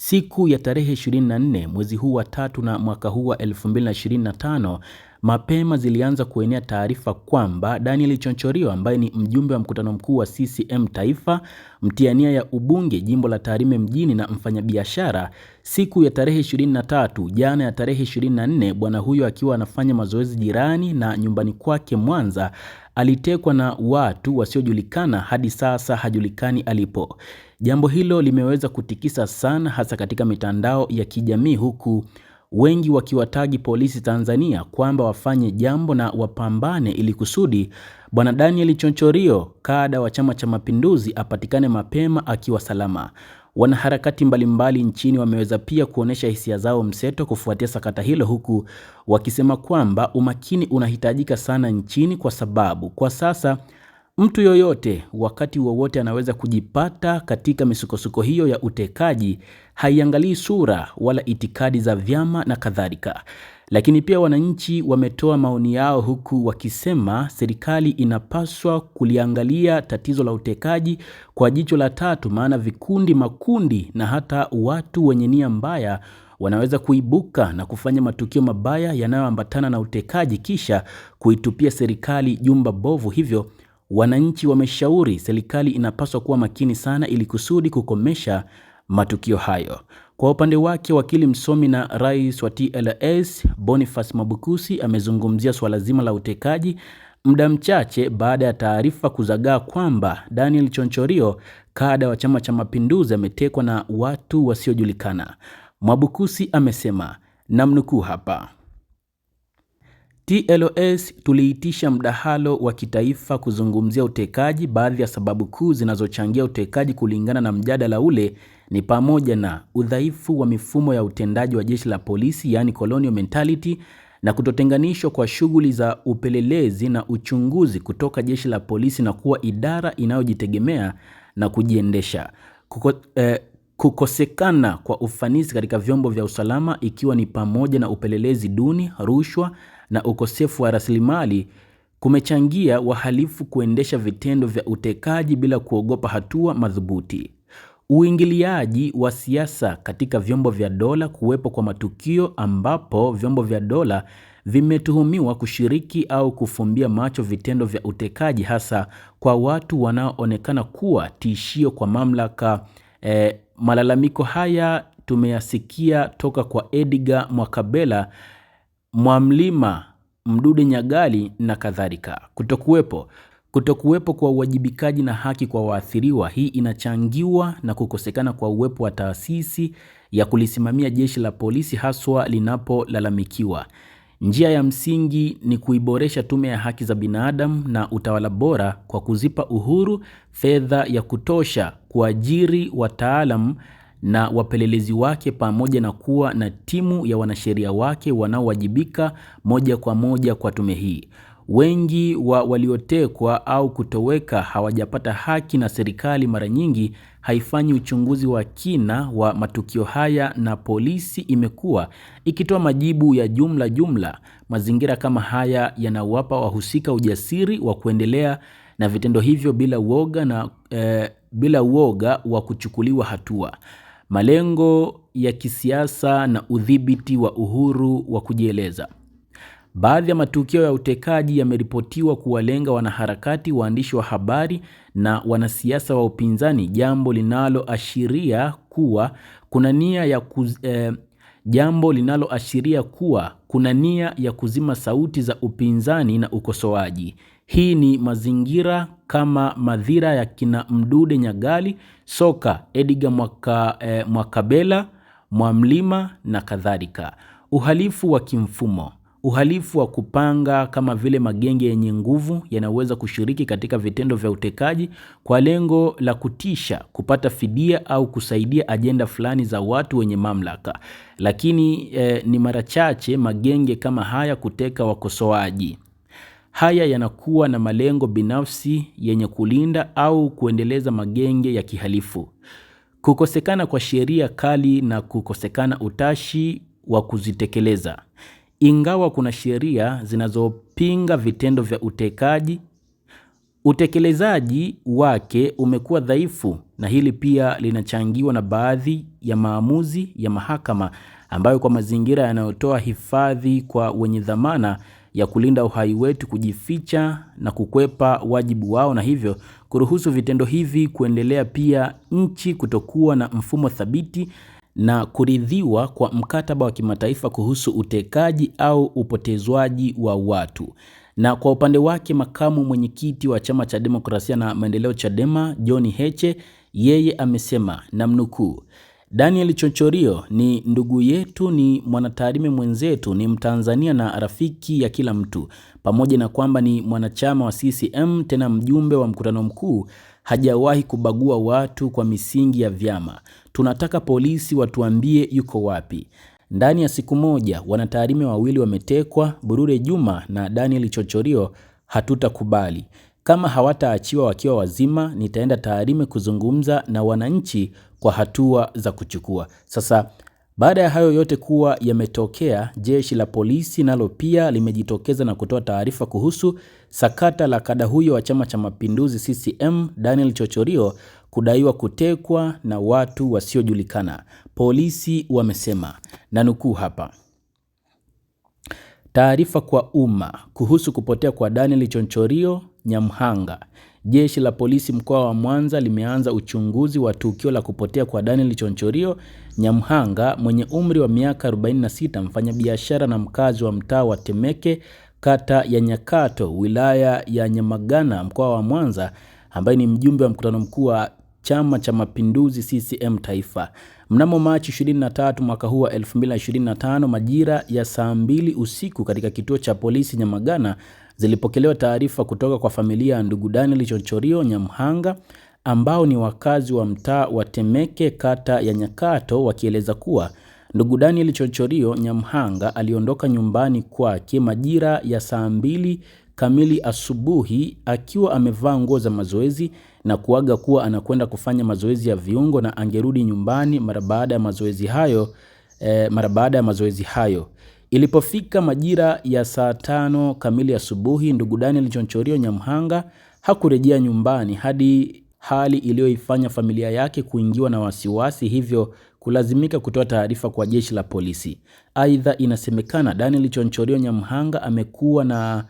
Siku ya tarehe 24 mwezi huu wa tatu na mwaka huu wa Mapema zilianza kuenea taarifa kwamba Daniel Chonchorio ambaye ni mjumbe wa mkutano mkuu wa CCM Taifa, mtiania ya ubunge jimbo la Tarime mjini na mfanyabiashara, siku ya tarehe 23 jana ya tarehe 24, bwana huyo akiwa anafanya mazoezi jirani na nyumbani kwake Mwanza, alitekwa na watu wasiojulikana, hadi sasa hajulikani alipo. Jambo hilo limeweza kutikisa sana, hasa katika mitandao ya kijamii huku wengi wakiwatagi polisi Tanzania kwamba wafanye jambo na wapambane ili kusudi Bwana Daniel Chonchorio, kada wa Chama cha Mapinduzi, apatikane mapema akiwa salama. Wanaharakati mbalimbali nchini wameweza pia kuonesha hisia zao mseto kufuatia sakata hilo, huku wakisema kwamba umakini unahitajika sana nchini kwa sababu kwa sasa Mtu yoyote wakati wowote anaweza kujipata katika misukosuko hiyo ya utekaji. Haiangalii sura wala itikadi za vyama na kadhalika. Lakini pia wananchi wametoa maoni yao, huku wakisema serikali inapaswa kuliangalia tatizo la utekaji kwa jicho la tatu, maana vikundi, makundi na hata watu wenye nia mbaya wanaweza kuibuka na kufanya matukio mabaya yanayoambatana na utekaji, kisha kuitupia serikali jumba bovu, hivyo Wananchi wameshauri serikali inapaswa kuwa makini sana ili kusudi kukomesha matukio hayo. Kwa upande wake, wakili msomi na rais wa TLS Boniface Mwabukusi amezungumzia suala zima la utekaji muda mchache baada ya taarifa kuzagaa kwamba Daniel Chonchorio, kada wa Chama cha Mapinduzi, ametekwa na watu wasiojulikana. Mwabukusi amesema namnukuu hapa TLS tuliitisha mdahalo wa kitaifa kuzungumzia utekaji. Baadhi ya sababu kuu zinazochangia utekaji kulingana na mjadala ule ni pamoja na udhaifu wa mifumo ya utendaji wa jeshi la polisi, yani colonial mentality, na kutotenganishwa kwa shughuli za upelelezi na uchunguzi kutoka jeshi la polisi na kuwa idara inayojitegemea na kujiendesha. Kuko, eh, kukosekana kwa ufanisi katika vyombo vya usalama ikiwa ni pamoja na upelelezi duni, rushwa na ukosefu wa rasilimali kumechangia wahalifu kuendesha vitendo vya utekaji bila kuogopa hatua madhubuti. Uingiliaji wa siasa katika vyombo vya dola, kuwepo kwa matukio ambapo vyombo vya dola vimetuhumiwa kushiriki au kufumbia macho vitendo vya utekaji, hasa kwa watu wanaoonekana kuwa tishio kwa mamlaka. E, malalamiko haya tumeyasikia toka kwa Edgar Mwakabela Mwamlima, Mdude Nyagali na kadhalika. Kutokuwepo kutokuwepo kwa uwajibikaji na haki kwa waathiriwa. Hii inachangiwa na kukosekana kwa uwepo wa taasisi ya kulisimamia jeshi la polisi haswa linapolalamikiwa. Njia ya msingi ni kuiboresha Tume ya Haki za Binadamu na utawala bora kwa kuzipa uhuru, fedha ya kutosha, kuajiri wataalam na wapelelezi wake pamoja na kuwa na timu ya wanasheria wake wanaowajibika moja kwa moja kwa tume hii. Wengi wa waliotekwa au kutoweka hawajapata haki na serikali mara nyingi haifanyi uchunguzi wa kina wa matukio haya na polisi imekuwa ikitoa majibu ya jumla jumla. Mazingira kama haya yanawapa wahusika ujasiri wa kuendelea na vitendo hivyo bila uoga na eh, bila uoga wa kuchukuliwa hatua malengo ya kisiasa na udhibiti wa uhuru wa kujieleza. Baadhi ya matukio ya utekaji yameripotiwa kuwalenga wanaharakati, waandishi wa habari na wanasiasa wa upinzani, jambo linaloashiria kuwa kuna nia ya kuz, eh, jambo linaloashiria kuwa kuna nia ya kuzima sauti za upinzani na ukosoaji. Hii ni mazingira kama madhira ya kina Mdude Nyagali, Soka, Edgar Mwaka, eh, Mwakabela, Mwamlima na kadhalika. Uhalifu wa kimfumo uhalifu wa kupanga kama vile magenge yenye nguvu yanaweza kushiriki katika vitendo vya utekaji kwa lengo la kutisha, kupata fidia au kusaidia ajenda fulani za watu wenye mamlaka. Lakini eh, ni mara chache magenge kama haya kuteka wakosoaji. Haya yanakuwa na malengo binafsi yenye kulinda au kuendeleza magenge ya kihalifu. Kukosekana kwa sheria kali na kukosekana utashi wa kuzitekeleza. Ingawa kuna sheria zinazopinga vitendo vya utekaji, utekelezaji wake umekuwa dhaifu, na hili pia linachangiwa na baadhi ya maamuzi ya mahakama ambayo, kwa mazingira yanayotoa hifadhi kwa wenye dhamana, ya kulinda uhai wetu kujificha na kukwepa wajibu wao na hivyo kuruhusu vitendo hivi kuendelea, pia nchi kutokuwa na mfumo thabiti na kuridhiwa kwa mkataba wa kimataifa kuhusu utekaji au upotezwaji wa watu. Na kwa upande wake makamu mwenyekiti wa chama cha demokrasia na maendeleo Chadema John Heche yeye amesema namnukuu Daniel Chochorio ni ndugu yetu, ni mwanataarime mwenzetu, ni Mtanzania na rafiki ya kila mtu. Pamoja na kwamba ni mwanachama wa CCM tena mjumbe wa mkutano mkuu, hajawahi kubagua watu kwa misingi ya vyama. Tunataka polisi watuambie yuko wapi. Ndani ya siku moja wanataarime wawili wametekwa, Burure Juma na Daniel Chochorio. Hatutakubali. Kama hawataachiwa wakiwa wazima, nitaenda Taarime kuzungumza na wananchi kwa hatua za kuchukua. Sasa baada ya hayo yote kuwa yametokea, jeshi la polisi nalo pia limejitokeza na kutoa taarifa kuhusu sakata la kada huyo wa Chama cha Mapinduzi CCM Daniel Chochorio kudaiwa kutekwa na watu wasiojulikana. Polisi wamesema na nukuu hapa Taarifa kwa umma kuhusu kupotea kwa Daniel Chochorio Nyamhanga Jeshi la polisi mkoa wa Mwanza limeanza uchunguzi wa tukio la kupotea kwa Daniel Chonchorio Nyamhanga mwenye umri wa miaka 46, mfanyabiashara na mkazi wa mtaa wa Temeke, kata ya Nyakato, wilaya ya Nyamagana, mkoa wa Mwanza, ambaye ni mjumbe wa mkutano mkuu wa Chama cha Mapinduzi CCM Taifa. Mnamo Machi 23 mwaka huu wa 2025 majira ya saa mbili usiku katika kituo cha polisi Nyamagana zilipokelewa taarifa kutoka kwa familia ya ndugu Daniel Chochorio Nyamhanga ambao ni wakazi wa mtaa wa Temeke kata ya Nyakato wakieleza kuwa ndugu Daniel Chochorio Nyamhanga aliondoka nyumbani kwake majira ya saa mbili kamili asubuhi akiwa amevaa nguo za mazoezi na kuaga kuwa anakwenda kufanya mazoezi ya viungo na angerudi nyumbani mara baada ya mazoezi hayo, eh, mara baada ya mazoezi hayo. Ilipofika majira ya saa tano kamili asubuhi, ndugu Daniel chonchorio Nyamhanga hakurejea nyumbani hadi hali iliyoifanya familia yake kuingiwa na wasiwasi, hivyo kulazimika kutoa taarifa kwa jeshi la polisi. Aidha, inasemekana Daniel chonchorio Nyamhanga amekuwa na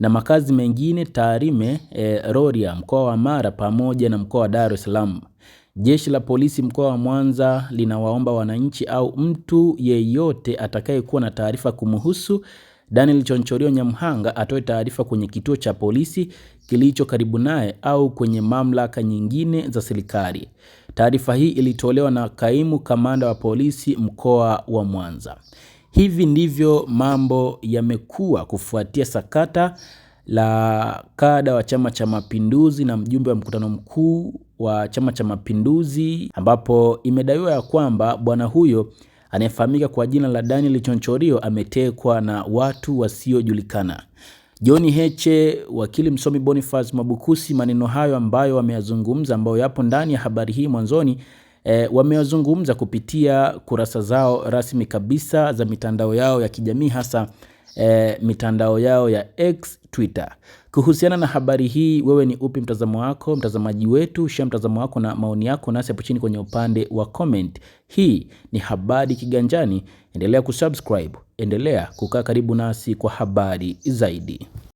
na makazi mengine Tarime, e, Rorya mkoa wa Mara pamoja na mkoa wa Dar es Salaam. Jeshi la polisi mkoa wa Mwanza linawaomba wananchi au mtu yeyote atakayekuwa na taarifa kumhusu Daniel Chonchorio Nyamhanga atoe taarifa kwenye kituo cha polisi kilicho karibu naye au kwenye mamlaka nyingine za serikali. Taarifa hii ilitolewa na kaimu kamanda wa polisi mkoa wa Mwanza. Hivi ndivyo mambo yamekuwa kufuatia sakata la kada wa Chama cha Mapinduzi na mjumbe wa mkutano mkuu wa Chama cha Mapinduzi, ambapo imedaiwa ya kwamba bwana huyo anayefahamika kwa jina la Daniel Chonchorio ametekwa na watu wasiojulikana. John Heche, wakili msomi Boniface mabukusi maneno hayo ambayo wameyazungumza, ambayo yapo ndani ya habari hii mwanzoni E, wamewazungumza kupitia kurasa zao rasmi kabisa za mitandao yao ya kijamii hasa e, mitandao yao ya X, Twitter. Kuhusiana na habari hii, wewe ni upi mtazamo wako? Mtazamaji wetu, shia mtazamo wako na maoni yako nasi hapo chini kwenye upande wa comment. Hii ni habari Kiganjani. Endelea kusubscribe, endelea kukaa karibu nasi kwa habari zaidi.